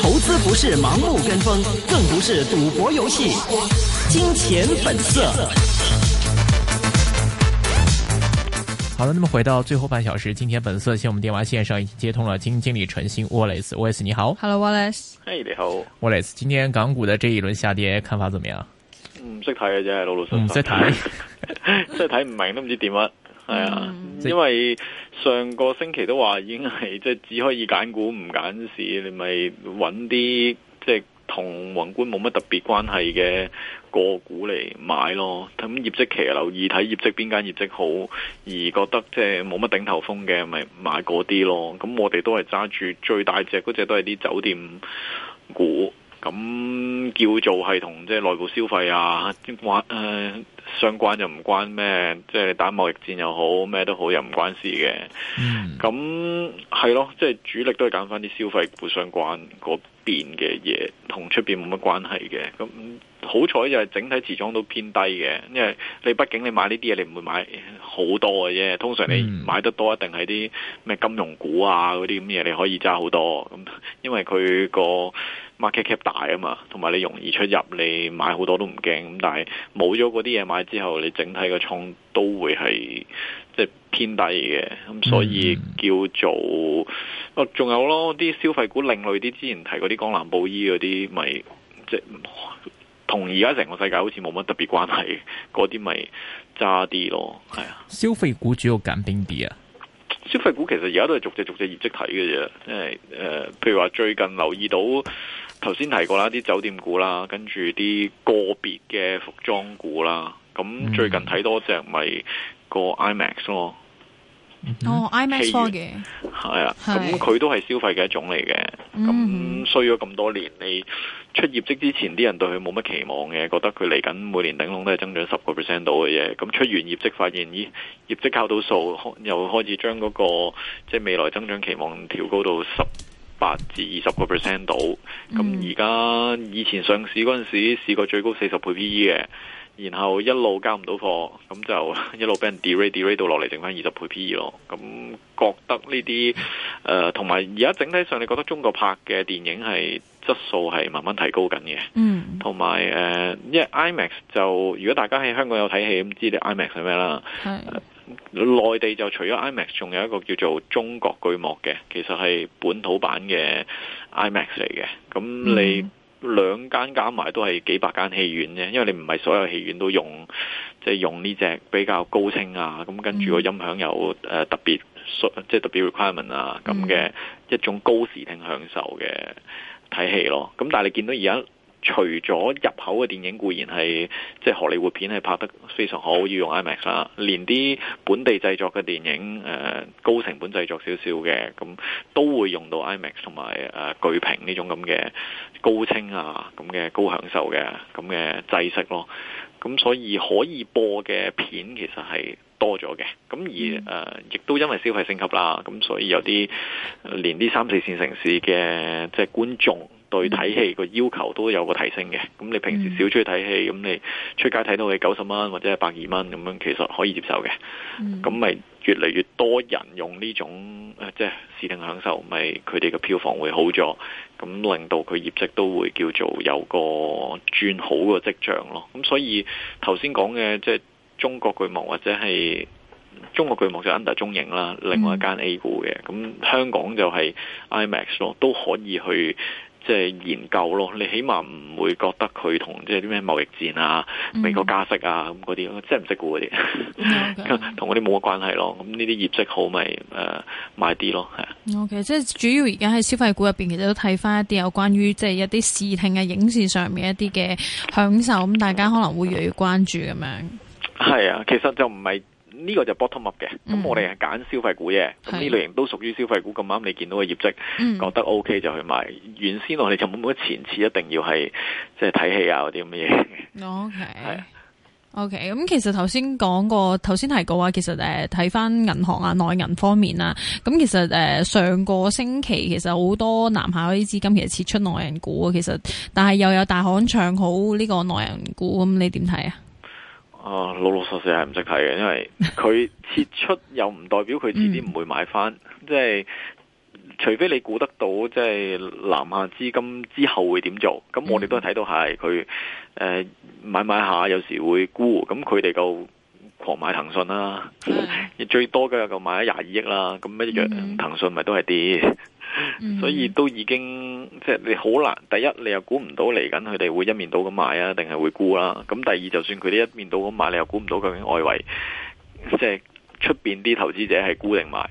投資不是盲目跟風，更不是賭博遊戲。金錢本色。好了，那麼回到最後半小時，今天本色線，我們電話線上已經接通了金經理陳昕 Wallace，Wallace 你好，Hello Wallace，Hey，你好，Wallace，今天港股的這一輪下跌看法怎麼樣？唔識睇嘅啫，老老實實唔識睇，真係睇唔明都唔知點啊。係啊，嗯、因為上個星期都話已經係即係只可以揀股唔揀市，你咪揾啲即係同宏觀冇乜特別關係嘅個股嚟買咯。咁業績期留意睇業績，邊間業績好，而覺得即係冇乜頂頭風嘅，咪買嗰啲咯。咁我哋都係揸住最大隻嗰隻，都係啲酒店股。咁、嗯、叫做係同即係內部消費啊，關誒、呃、相關又唔關咩，即、就、係、是、打貿易戰又好咩都好又唔關事嘅。咁係、嗯、咯，即、就、係、是、主力都係揀翻啲消費股相關嗰邊嘅嘢，同出邊冇乜關係嘅。咁、嗯、好彩就係整體持倉都偏低嘅，因為你畢竟你買呢啲嘢，你唔會買好多嘅啫。通常你買得多一定係啲咩金融股啊，嗰啲咁嘢，你可以揸好多。咁因為佢個。market cap 大啊嘛，同埋你容易出入，你買好多都唔驚。咁但係冇咗嗰啲嘢，買之後，你整體嘅倉都會係即係偏低嘅。咁所以叫做哦，仲、嗯啊、有咯，啲消費股另類啲，之前提嗰啲江南布衣嗰啲，咪即係同而家成個世界好似冇乜特別關係。嗰啲咪揸啲咯，係啊。消費股主要揀邊啲啊？消費股其實逐個逐個逐個而家都係逐隻逐隻業績睇嘅啫。誒誒、呃，譬如話最近留意到。頭先提過啦，啲酒店股啦，跟住啲個別嘅服裝股啦，咁最近睇多隻咪個 IMAX 咯，哦 IMAX 嘅係啊，咁佢元、哦、都係消費嘅一種嚟嘅，咁的衰咗咁多年，你出業績之前啲人對佢冇乜期望嘅，覺得佢嚟緊每年頂籠都係增長十個 percent 度嘅嘢，咁出完業績發現，咦業績較到數，又開始將嗰、那個即係未來增長期望調高到十。八至二十個 percent 到，咁而家以前上市嗰陣時試過最高四十倍 P E 嘅，然後一路交唔到貨，咁就一路俾人 delay delay 到落嚟，剩返二十倍 P E 咯。咁覺得呢啲，誒、呃，同埋而家整體上，你覺得中國拍嘅電影係質素係慢慢提高緊嘅，嗯，同埋誒，因為 IMAX 就如果大家喺香港有睇戲，咁知你 IMAX 係咩啦，係。內地就除咗 IMAX，仲有一個叫做中國巨幕嘅，其實係本土版嘅 IMAX 嚟嘅。咁你兩間加埋都係幾百間戲院啫，因為你唔係所有戲院都用，即係用呢隻比較高清啊。咁跟住個音響又誒特別，即係特別 requirement 啊咁嘅、mm hmm. 一種高視聽享受嘅睇戲咯。咁但係你見到而家。除咗入口嘅電影，固然係即係荷里活片係拍得非常好，要用 IMAX 啦。連啲本地製作嘅電影，誒、呃、高成本製作少少嘅，咁都會用到 IMAX 同埋誒巨屏呢種咁嘅高清啊，咁嘅高享受嘅咁嘅製式咯。咁所以可以播嘅片其實係多咗嘅。咁而誒亦、嗯呃、都因為消費升級啦，咁所以有啲連啲三四線城市嘅即係觀眾。去睇戲個要求都有個提升嘅，咁你平時少出去睇戲，咁、嗯、你出街睇到你九十蚊或者係百二蚊，咁樣其實可以接受嘅。咁咪越嚟越多人用呢種，啊嗯嗯、即係視聽享受，咪佢哋嘅票房會好咗，咁令到佢業績都會叫做有個轉好嘅跡象咯。咁所以頭先講嘅，即係中國巨幕或者係中國巨幕就 under 中影啦，另外一間 A 股嘅，咁香港就係 IMAX 咯，都可以去。即係研究咯，你起碼唔會覺得佢同即係啲咩貿易戰啊、美國加息啊咁嗰啲咯，即係唔識估嗰啲，同嗰啲冇乜關係咯。咁呢啲業績好咪、就、誒、是呃、買啲咯，係 Okay, 是。O K，即係主要而家喺消費股入邊，其實都睇翻一啲有關於即係一啲視聽啊、影視上面一啲嘅享受，咁大家可能會越嚟越關注咁樣。係啊、 嗯，其實就唔係。呢個就 bottom up 嘅，咁、嗯、我哋係揀消費股嘅，呢、嗯、類型都屬於消費股。咁啱是你見到嘅業績，嗯、覺得 O、OK、K 就去買。原先我哋就冇乜前設，一定要係即係睇戲啊嗰啲咁嘅嘢。O K，係 O K。咁其實頭先講過，頭先提過話，其實誒睇返銀行啊、內銀方面啦。咁其實誒、呃、上個星期其實好多南下嗰啲資金其實撤出內銀股啊。其實但係又有大行唱好呢個內銀股，咁你點睇啊？啊，老、uh, 老實實係唔識睇嘅，因為佢撤出又唔代表佢遲啲唔會買返。 即係除非你估得到，即係南下資金之後會點做，咁我哋都係睇到係佢誒買買下，有時會沽。咁佢哋就。狂買騰訊啦、啊，的最多嘅就買咗廿二億啦。咁一樣騰訊咪都係跌，mm hmm. 所以都已經即係、就是、你好難。第一，你又估唔到嚟緊佢哋會一面倒咁買啊，定係會沽啦、啊。咁第二，就算佢哋一面倒咁買，你又估唔到究竟外圍即係出邊啲投資者係沽定買？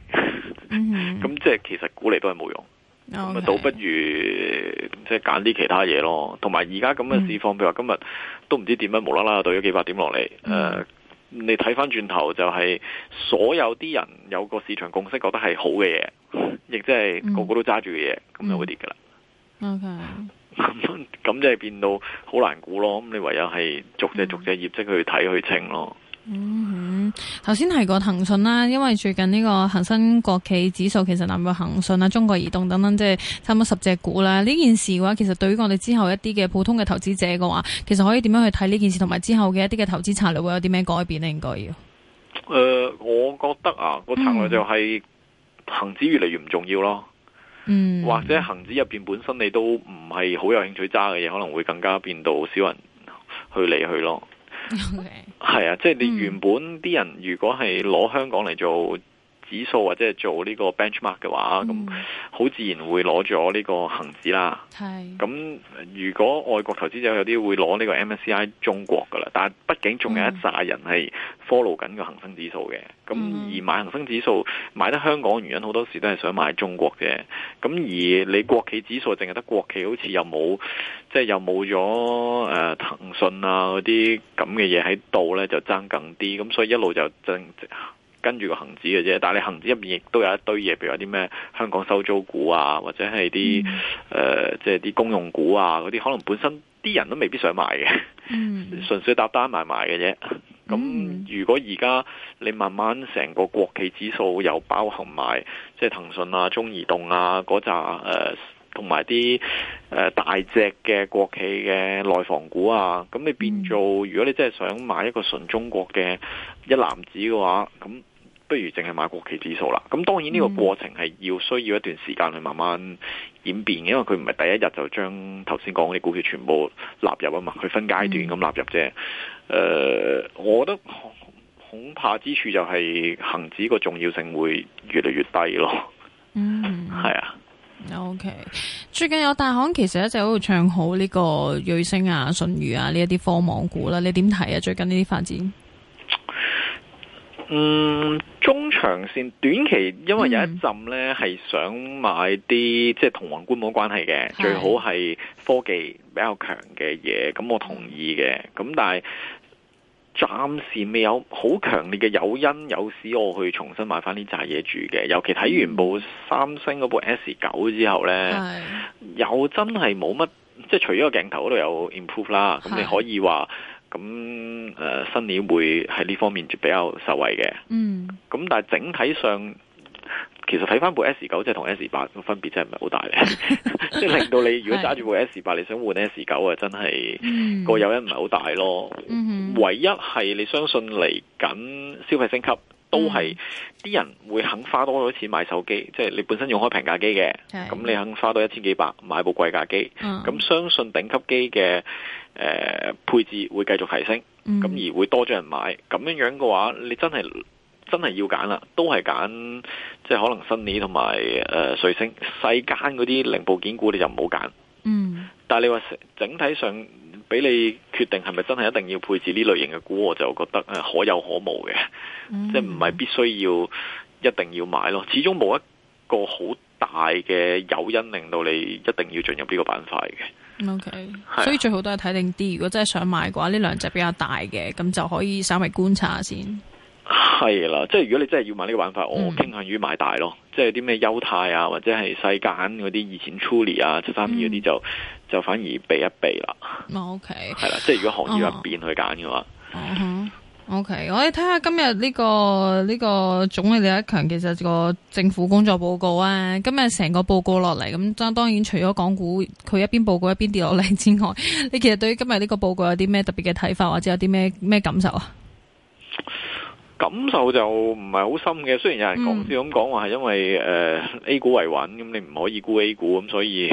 咁即係其實估嚟都係冇用，Okay. 倒不如即係揀啲其他嘢咯。同埋而家咁嘅市況，mm hmm. 譬如話今日都唔知點樣無啦啦對咗幾百點落嚟，誒、呃。嗯嗯你睇翻轉頭就係、是、所有啲人有個市場共識覺得係好嘅嘢，亦即係個個都揸住嘅嘢，咁、嗯、就會跌嘅啦。OK，咁即係變到好難估咯。咁你唯有係逐隻逐隻業績去睇去清咯。嗯哼，頭先提過騰訊啦，因為最近呢個恒生國企指數其實納入騰訊啦、中國移動等等，即係差唔多十隻股啦。呢件事嘅話，其實對於我哋之後一啲嘅普通嘅投資者嘅話，其實可以點樣去睇呢件事，同埋之後嘅一啲嘅投資策略會有啲咩改變呢？應該要誒，我覺得啊，個策略就係恒指越嚟越唔重要咯。嗯，或者恒指入邊本身你都唔係好有興趣揸嘅嘢，可能會更加變到少人去理佢咯。係啊 Okay.，即係你原本啲人，如果係攞香港嚟做，指數或者係做呢個 benchmark 嘅話，咁好、嗯、自然會攞咗呢個恒指啦。係咁是，如果外國投資者有啲會攞呢個 MSCI 中國嘅啦，但係畢竟仲有一揸人係 follow 緊個恒生指數嘅。咁、嗯、而買恒生指數買得香港原因好多時都係想買中國嘅。咁而你國企指數淨係得國企，好似又冇即係又冇咗誒騰訊啊嗰啲咁嘅嘢喺度咧，就爭緊啲。咁所以一路就增值。跟住個恒指嘅啫，但係你恒指入面亦都有一堆嘢，譬如有啲咩香港收租股啊，或者係啲誒即係啲公用股啊，嗰啲可能本身啲人都未必想買嘅， 純粹搭單埋埋嘅啫。咁如果而家你慢慢成個國企指數又包含埋即係騰訊啊、中移動啊嗰扎誒，同埋啲誒大隻嘅國企嘅內房股啊，咁你變做如果你真係想買一個純中國嘅一籃子嘅話，咁不如淨係買國企指數啦。咁當然呢個過程係要需要一段時間去慢慢演變，嗯、因為佢唔係第一日就將頭先講嗰啲股票全部納入啊嘛，佢分階段咁納入啫。誒、呃，我覺得恐怕之處就係恒指個重要性會越嚟越低咯。嗯，係 啊。OK，最近有大行其實一直喺度唱好呢個瑞聲啊、舜宇啊呢一啲科網股啦，你點睇啊？最近呢啲發展？嗯，中長線短期，因為有一陣咧係想買啲即係同宏觀冇關係嘅，是最好係科技比較強嘅嘢。咁我同意嘅。咁但係暫時未有好強烈嘅誘因，誘使我去重新買翻啲扎嘢住嘅。尤其睇完部三星嗰部 S 九之後咧，是又真係冇乜，即係除咗個鏡頭度有 improve 啦，咁是你可以話。咁誒，新年會喺呢方面就比較受惠嘅。嗯。咁但係整體上，其實睇翻部 S 九即係同 S 八個分別真係唔係好大，即係令到你如果揸住部 S 八，你想換 S 九啊，真係個誘因唔係好大咯。唯一係你相信嚟緊消費升級，都係啲人會肯花多咗錢買手機，即係你本身用開平價機嘅，咁你肯花多一千幾百買部貴價機。咁相信頂級機嘅。誒、呃，配置會繼續提升，咁、嗯、而會多咗人買，咁樣樣嘅話，你真係真係要揀啦，都係揀即係可能舜宇同埋誒瑞聲，細間嗰啲零部件股你就唔好揀。嗯、但係你話整，整體上俾你決定係咪真係一定要配置呢類型嘅股，我就覺得可有可無嘅，嗯、即係唔係必須要一定要買咯，始終冇一個好大嘅誘因令到你一定要進入呢個板塊嘅。OK，啊、所以最好都係睇定啲。如果真係想買嘅話，呢兩隻比較大嘅，咁就可以稍微觀察下先。係啦，即係如果你真係要買呢個玩法，我傾向於買大咯。嗯、即係啲咩優泰啊，或者係世簡嗰啲以前粗利啊、七三二嗰啲就就反而避一避啦。OK，係啦，即係如果行業入面去揀嘅話。哦哦哦哦 OK，我哋睇下今日呢個呢個總理李克強，其實個政府工作報告啊，今日成個報告落嚟，咁當當然除咗港股佢一邊報告一邊跌落嚟之外，你其實對於今日呢個報告有啲咩特別嘅睇法，或者有啲咩咩感受啊？感受就唔係好深嘅，雖然有人講笑，係咁講話係因為誒 A 股維穩，咁你唔可以沽 A 股，咁所以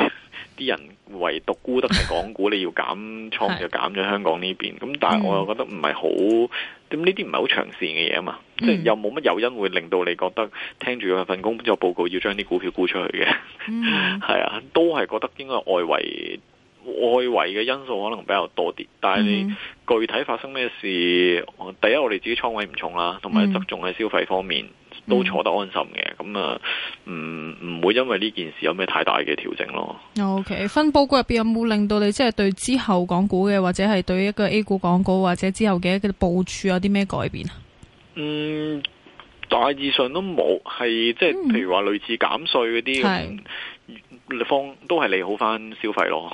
啲人唯獨沽得係港股， 你要減倉就減咗香港呢邊。咁但係我又覺得唔係好，咁呢啲唔係好長線嘅嘢啊嘛，嗯、即係又冇乜誘因會令到你覺得聽住佢份工作報告要將啲股票沽出去嘅，係、嗯、 啊，都係覺得應該外圍。外圍嘅因素可能比較多啲，但係你具體發生咩事，嗯、第一我哋自己倉位唔重啦，同埋側重喺消費方面都坐得安心嘅，咁啊唔唔會因為呢件事有咩太大嘅調整咯。O、okay, K，分佈股入邊有冇令到你即係對之後港股嘅或者係對一個 A 股港股或者之後嘅一啲部署有啲咩改變啊？嗯，大致上都冇，係即係、嗯、譬如話類似減稅嗰啲方都係利好翻消費咯。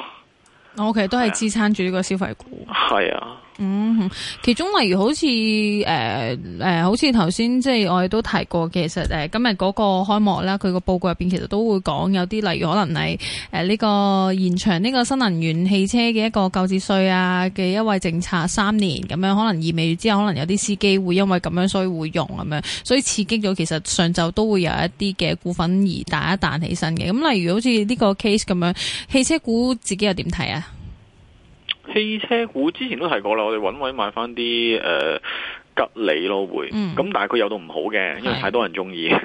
我其實都係支撐住呢個消費股。Yeah. 嗯，其中例如好似誒誒，好似頭先即係我哋都提過，其實誒、呃，今日嗰個開幕啦，佢個報告入邊其實都會講有啲例如可能係誒呢個延長呢個新能源汽車嘅一個購置稅啊嘅優惠政策三年咁樣，可能意味住之後可能有啲司機會因為咁樣，所以會用咁樣，所以刺激咗其實上晝都會有一啲嘅股份而彈一彈起身嘅。咁例如好似呢個 case 咁樣，汽車股自己又點睇啊？汽車股之前都提過啦，我哋搵位買翻啲誒吉利咯，會咁、嗯、但係佢有到唔好嘅，因為太多人中意，喺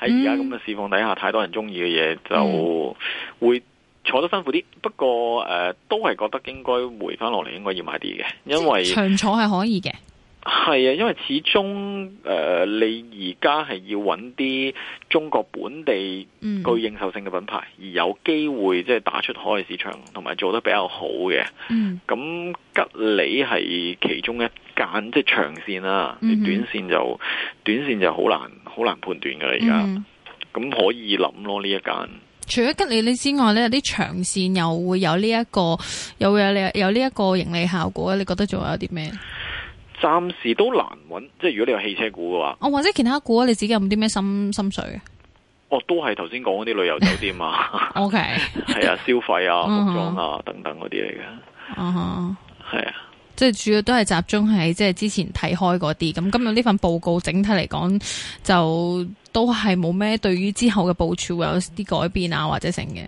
而家咁嘅市況底下，太多人中意嘅嘢，就會坐得辛苦啲。嗯、不過誒、呃，都係覺得應該回翻落嚟，應該要買啲嘅，因為長坐係可以嘅。係啊，因為始終誒、呃，你而家係要揾啲中國本地具應受性嘅品牌，嗯、而有機會即係打出海外市場，同埋做得比較好嘅。咁、嗯、吉利係其中一間即係長線啦、啊。嗯哼你短，短線就短線就好難好難判斷噶、啊、啦。而家咁可以諗咯呢一間。除咗吉利呢之外呢有啲長線又會有呢、呢、一個，又會有、呢個、有呢一個盈利效果咧。你覺得仲有啲咩？暫時都難揾，即係如果你有汽車股嘅話，哦、啊，或者其他股你自己有冇啲咩心心水嘅？哦，都係頭先講嗰啲旅遊酒店啊。O K，係啊，消費啊，服裝、嗯、哼啊，等等嗰啲嚟嘅。哦、嗯哼，係啊，即係主要都係集中喺即係之前睇開嗰啲。咁今日呢份報告整體嚟講，就都係冇咩對於之後嘅部署會有啲改變啊，或者成嘅。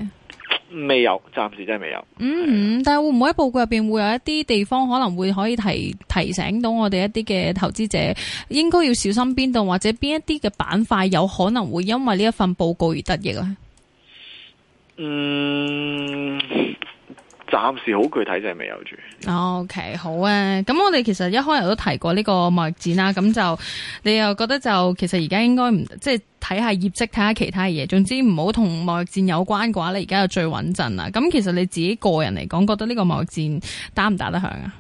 未有，暫時真係未有。嗯嗯，但係會唔會喺報告入邊會有一啲地方可能會可以提提醒到我哋一啲嘅投資者，應該要小心邊度或者邊一啲嘅板塊有可能會因為呢一份報告而得益咧？嗯。暫時好具體就係未有住。OK，好啊。咁我哋其實一開頭都提過呢個貿易戰啦，咁就你又覺得就其實而家應該唔即係睇下業績，睇下其他嘢。總之唔好同貿易戰有關嘅話，你而家就最穩陣啦。咁其實你自己個人嚟講，覺得呢個貿易戰打唔打得響啊？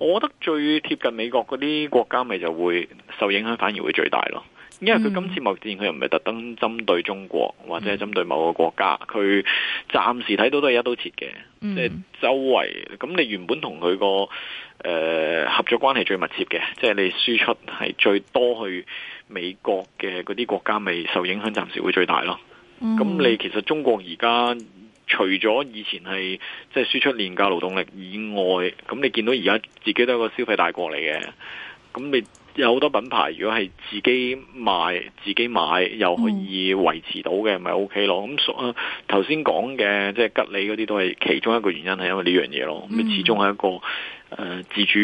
我覺得最貼近美國嗰啲國家，咪就會受影響，反而會最大咯。因為佢今次貿易戰，佢又唔係特登針對中國或者係針對某個國家，佢暫時睇到都係一刀切嘅，即係、嗯、周圍。咁你原本同佢個誒合作關係最密切嘅，即係你輸出係最多去美國嘅嗰啲國家，咪受影響暫時會最大咯。咁、嗯、你其實中國而家除咗以前係即係輸出廉價勞動力以外，咁你見到而家自己都係一個消費大國嚟嘅，咁你。有好多品牌，如果係自己賣、自己買，又可以維持到嘅，咪 O K 咯。咁所頭先講嘅，即係、就是、吉利嗰啲，都係其中一個原因，係因為呢樣嘢咯。咁、嗯、始終係一個誒、呃、自主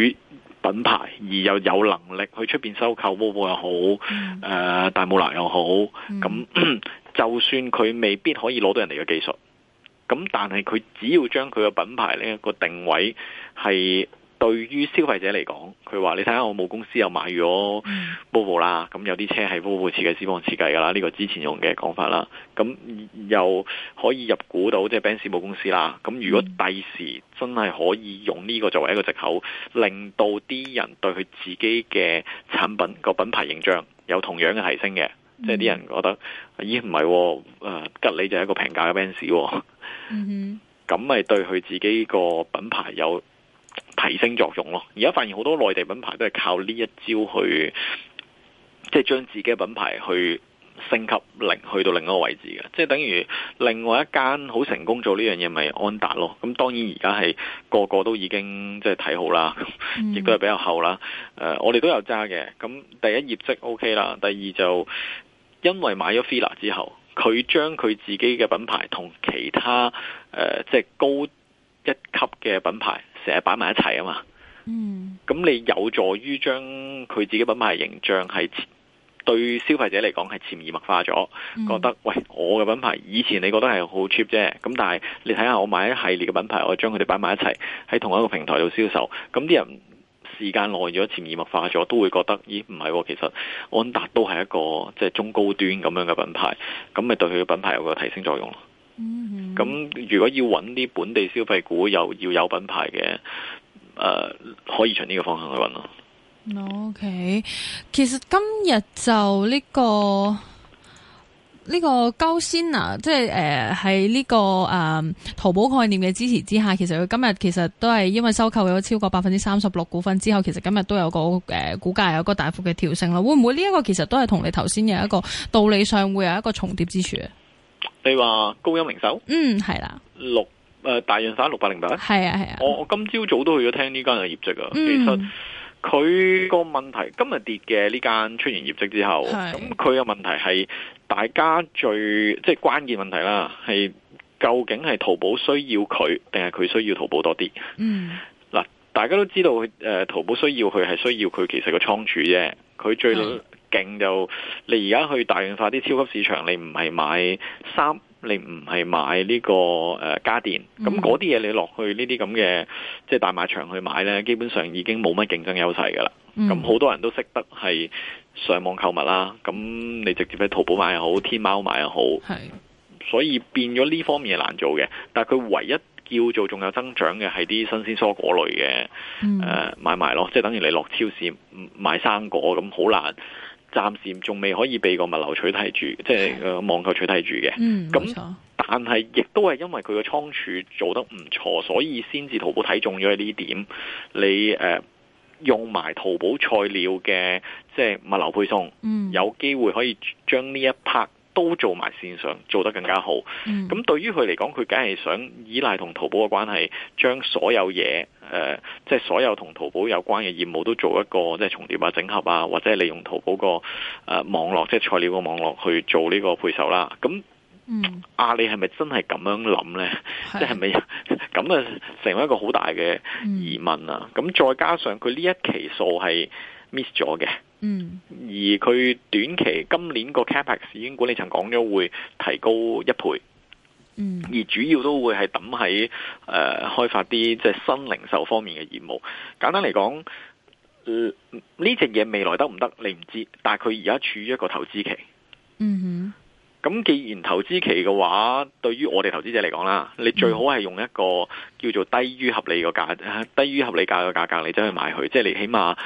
品牌，而又有能力去出邊收購摩托又好，誒、呃、大無賴又好，咁、嗯、 就算佢未必可以攞到人哋嘅技術，咁但係佢只要將佢嘅品牌呢個定位係。對於消費者嚟講，佢話：你睇下我母公司又買咗 b o 啦、嗯，咁有啲車係寶寶設計、絲光設計噶啦，呢、呢個之前用嘅講法啦。咁又可以入股到即係 Benz 母公司啦。咁如果第時真係可以用呢個作為一個藉口，令到啲人對佢自己嘅產品個品牌形象有同樣嘅提升嘅，即係啲人覺得咦唔係，誒吉利就係一個平價嘅 Benz，咁咪對佢自己個品牌有提升作用咯。而家發現好多內地品牌都係靠呢一招去，即係將自己嘅品牌去升級，另去到另一個位置嘅，即係等於另外一間好成功做呢樣嘢，咪安踏咯。咁當然而家係個個都已經即係睇好啦，亦都係比較厚啦。誒、嗯呃、我哋都有揸嘅。咁、嗯、第一業績 OK 啦，第二就因為買咗 Fila 之後，佢將佢自己嘅品牌同其他誒、呃、即係高一級嘅品牌。成日擺埋一齊啊嘛，咁、嗯、你有助於將佢自己品牌形象係對消費者嚟講係潛移默化咗，嗯、覺得喂，我嘅品牌以前你覺得係好 cheap 啫，咁但係你睇下我買一系列嘅品牌，我將佢哋擺埋一齊喺同一個平台度銷售，咁啲人時間耐咗潛移默化咗，都會覺得咦，唔係喎，其實安達都係一個即係、就是、中高端咁樣嘅品牌，咁咪對佢嘅品牌有個提升作用咯。咁、嗯、如果要揾啲本地消費股，又要有品牌嘅，誒、呃，可以循呢個方向去揾咯。O、okay. K，其實今日就呢、這個呢、這個高仙啊，即係誒喺呢個誒、呃、淘寶概念嘅支持之下，其實佢今日其實都係因為收購咗超過百分之三十六股份之後，其實今日都有個誒、呃、股價有個大幅嘅調升啦。會唔會呢一個其實都係同你頭先有一個道理上會有一個重疊之處啊？你話高鑫零售？嗯，係啦。六誒、呃、大潤發六百零八？係啊，係啊。我我今朝早、早都去咗聽呢間嘅業績啊。嗯、其實佢個問題今日跌嘅呢間出完業績之後，咁佢嘅問題係大家最即係關鍵問題啦，係究竟係淘寶需要佢，定係佢需要淘寶多啲？嗯。嗱，大家都知道，誒淘寶需要佢係需要佢，其實個倉儲啫，佢最，嗯勁就你而家去大潤發啲超級市場，你唔係買衫，你唔係買呢個誒家電，咁嗰啲嘢你落去呢啲咁嘅即係大賣場去買呢，基本上已經冇乜競爭優勢噶啦。咁好、嗯、多人都識得係上網購物啦，咁你直接喺淘寶買又好，天貓買又好，是所以變咗呢方面係難做嘅。但係佢唯一叫做仲有增長嘅係啲新鮮蔬果類嘅誒、嗯呃、買賣咯，即、就、係、是、等於你落超市買生果咁，好難。暫時仲未可以被個物流取替住，即係誒、呃、網購取替住嘅。嗯，咁那，錯但係亦都係因為佢個倉儲做得唔錯，所以先至淘寶睇中咗呢點，你誒、呃、用埋淘寶菜鳥嘅，即係物流配送，嗯，有機會可以將呢一 part。都做埋線上，做得更加好。咁、嗯、對於佢嚟講，佢梗係想依賴同淘寶嘅關係，將所有嘢，誒、呃，即係所有同淘寶有關嘅業務都做一個，即係重疊啊、整合啊，或者係利用淘寶個誒、呃、網絡，即係材料個網絡去做呢個配售啦。咁阿里係咪真係咁樣諗呢？即係咪咁啊？成為一個好大嘅疑問啊！咁再加上佢呢一期數係 miss 咗嘅，嗯，而佢短期今年個 capex 已經管理層講咗會提高一倍，嗯，而主要都會係抌喺誒、開發啲即係新零售方面嘅業務。簡單嚟講，呢隻嘢未來得唔得你唔知，但係佢而家處於一個投資期，嗯哼。咁既然投資期嘅話，對於我哋投資者嚟講啦，你最好係用一個叫做低於合理個價，低於合理價嘅價格你走去買佢，即係你起碼。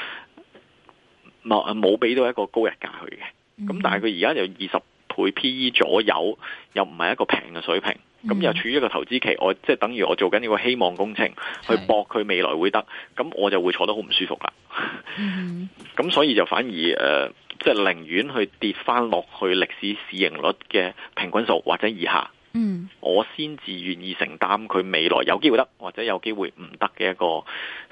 冇冇俾到一個高日價去嘅，咁但係佢而家有二十倍 P E 左右，又唔係一個平嘅水平，咁、嗯、又處於一個投資期，我即係、就是、等於我做緊呢個希望工程，去搏佢未來會得，咁我就會坐得好唔舒服啦。咁、 嗯、所以就反而誒，即係寧願去跌翻落去歷史市盈率嘅平均數或者以下。嗯，我先至願意承擔佢未來有機會得或者有機會唔得嘅一個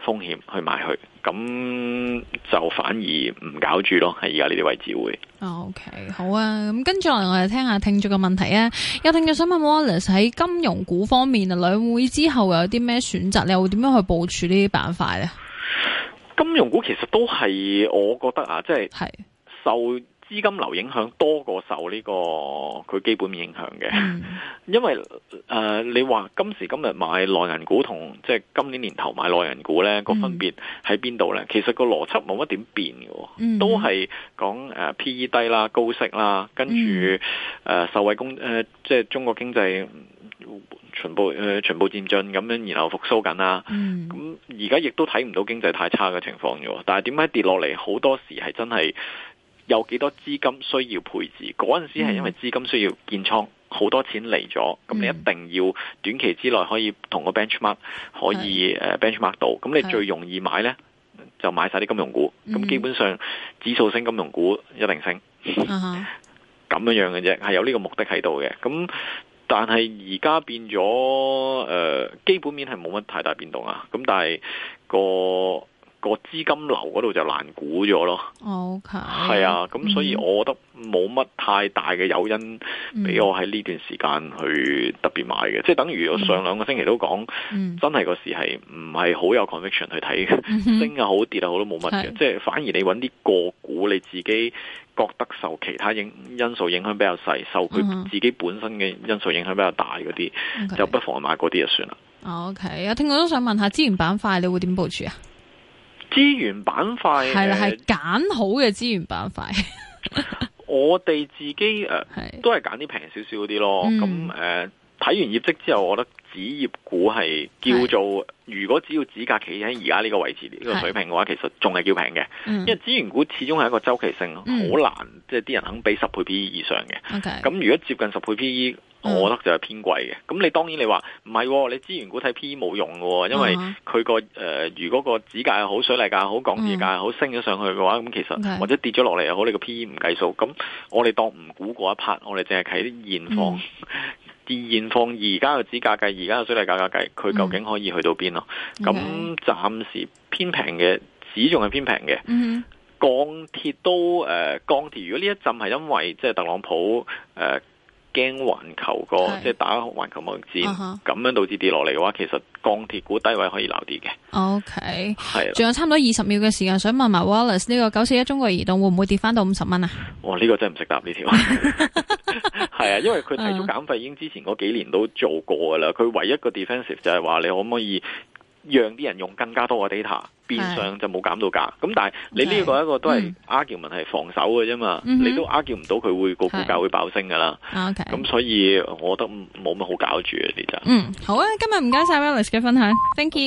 風險去買去，咁就反而唔搞住咯。係而家呢啲位置會。哦，OK，好啊。咁跟住落嚟，我哋聽下聽眾嘅問題啊。有聽眾想問 Wallace 喺金融股方面啊，兩會之後有啲咩選擇？你又點樣去部署呢啲板塊呢？金融股其實都係我覺得啊，即係，係受。資金流影響多過受呢個佢基本面影響嘅，因為誒、嗯呃、你話今時今日買內銀股同即係今年年頭買內銀股咧、嗯、個分別喺邊度咧？其實個邏輯冇乜點變嘅、哦，嗯、都係講誒 P E 低啦、高息啦，跟住誒、嗯呃、受惠公誒即係中國經濟全部誒全部漸進咁樣然後復甦緊啦、啊。咁而家亦都睇唔到經濟太差嘅情況嘅，但係點解跌落嚟好多時係真係？有幾多資金需要配置？嗰陣時係因為資金需要建倉，好多錢嚟咗，咁你一定要短期之內可以同個 benchmark 可以誒 benchmark 到，咁的你最容易買呢，的就買晒啲金融股，咁基本上、嗯、指數升，金融股一定升，咁、 uh huh. 樣樣嘅啫，係有呢個目的喺度嘅。咁但係而家變咗誒、呃，基本面係冇乜太大變動啊。咁但係、那個。個資金流嗰度就難估咗咯。OK，係啊，咁、嗯、所以我覺得冇乜太大嘅誘因俾、嗯、我喺呢段時間去特別買嘅，嗯、即係等於我上兩個星期都講，嗯、真係個市係唔係好有 conviction 去睇升又好跌又好都冇乜嘅。是即係反而你揾啲個股，你自己覺得受其他影因，因素影響比較細，受佢自己本身嘅因素影響比較大嗰啲，嗯、哼就不妨買嗰啲就算啦。OK，有聽我都想問下資源板塊你會點部署啊？資源板塊係啦，係揀好嘅資源板塊。 我哋自己誒、呃，都係揀啲平少少嗰啲咯。咁誒、嗯，睇、呃、完業績之後，我覺得紙業股係叫做，是如果只要紙價企喺而家呢個位置呢、這個水平嘅話，是其實仲係叫平嘅。嗯、因為資源股始終係一個周期性，好難、嗯、即係啲人肯俾十倍 P E 以上嘅。咁 Okay. 如果接近十倍 P E。Mm hmm. 我覺得就係偏貴嘅，咁你當然你話唔係，你資源股睇 P E 冇用嘅、哦，因為佢個誒，如果個指價又好，水泥價又好，鋼鐵價又好，升咗上去嘅話，咁、uh huh. 其實或者跌咗落嚟又好，Okay. 你個 P E 唔計數，咁我哋當唔估嗰一 part，我哋淨係睇啲現況，啲、uh huh. 現況而家嘅指價計，而家嘅水泥價格計，佢究竟可以去到邊咯？咁暫、uh huh. 時偏平嘅，始仲係偏平嘅，鋼鐵、uh huh. 都誒，鋼、呃、鐵如果呢一陣係因為即係特朗普誒。呃呃驚環球個是即係打環球貿易戰，咁、uh huh. 樣導致跌落嚟嘅話，其實鋼鐵股低位可以留啲嘅。OK，係的，仲有差唔多二十秒嘅時間，想問埋 Wallace 呢個九四一中國移動會唔會跌翻到五十蚊啊？哇呢、這個真係唔識答呢條，係啊， 因為佢提早減費已經之前嗰幾年都做過噶啦，佢、uh huh. 唯一,一個 defensive 就係話你可唔可以？讓啲人用更加多嘅 data，變相就冇減到價。咁是但係你呢個一個都係 argument 係、嗯、防守嘅啫嘛，嗯、哼你都 argue 唔到佢會個股價會爆升噶啦。咁、okay. 所以我覺得冇乜好搞住啊其實。嗯，好啊，今日唔該晒 Alex 嘅分享，thank you。